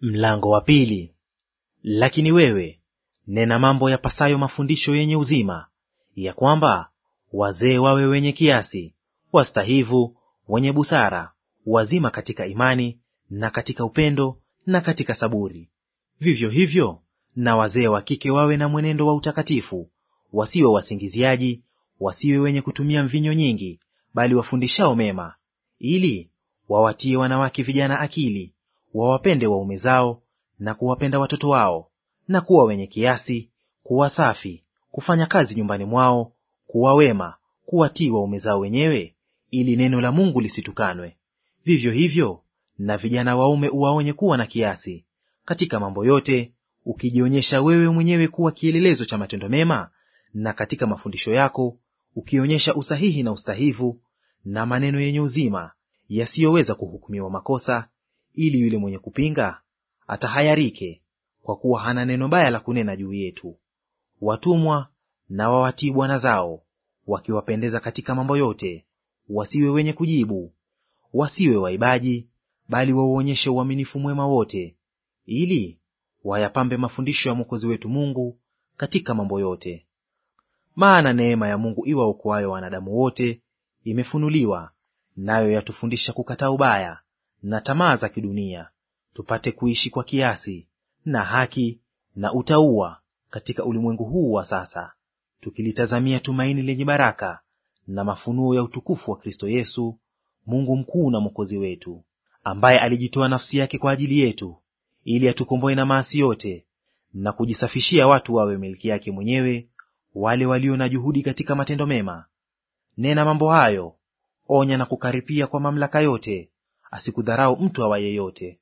Mlango wa pili. Lakini wewe nena mambo yapasayo mafundisho yenye uzima, ya kwamba wazee wawe wenye kiasi, wastahivu, wenye busara, wazima katika imani na katika upendo na katika saburi. Vivyo hivyo na wazee wa kike wawe na mwenendo wa utakatifu, wasiwe wasingiziaji, wasiwe wenye kutumia mvinyo nyingi, bali wafundishao mema, ili wawatie wanawake vijana akili wawapende waume zao na kuwapenda watoto wao, na kuwa wenye kiasi, kuwa safi, kufanya kazi nyumbani mwao, kuwa wema, kuwatii waume zao wenyewe, ili neno la Mungu lisitukanwe. Vivyo hivyo na vijana waume uwaonye kuwa na kiasi katika mambo yote, ukijionyesha wewe mwenyewe kuwa kielelezo cha matendo mema, na katika mafundisho yako ukionyesha usahihi na ustahivu, na maneno yenye uzima yasiyoweza kuhukumiwa makosa ili yule mwenye kupinga atahayarike, kwa kuwa hana neno baya la kunena juu yetu. Watumwa na wawatii bwana zao, wakiwapendeza katika mambo yote, wasiwe wenye kujibu, wasiwe waibaji, bali wauonyeshe uaminifu mwema wote, ili wayapambe mafundisho ya Mwokozi wetu Mungu katika mambo yote. Maana neema ya Mungu iwaokoayo wanadamu wote imefunuliwa, nayo yatufundisha kukataa ubaya na tamaa za kidunia, tupate kuishi kwa kiasi na haki na utauwa katika ulimwengu huu wa sasa, tukilitazamia tumaini lenye baraka na mafunuo ya utukufu wa Kristo Yesu, Mungu mkuu na Mwokozi wetu, ambaye alijitoa nafsi yake kwa ajili yetu ili atukomboe na maasi yote na kujisafishia watu wawe milki yake mwenyewe, wale walio na juhudi katika matendo mema. Nena mambo hayo, onya na kukaripia kwa mamlaka yote, asikudharau mtu awaye yote.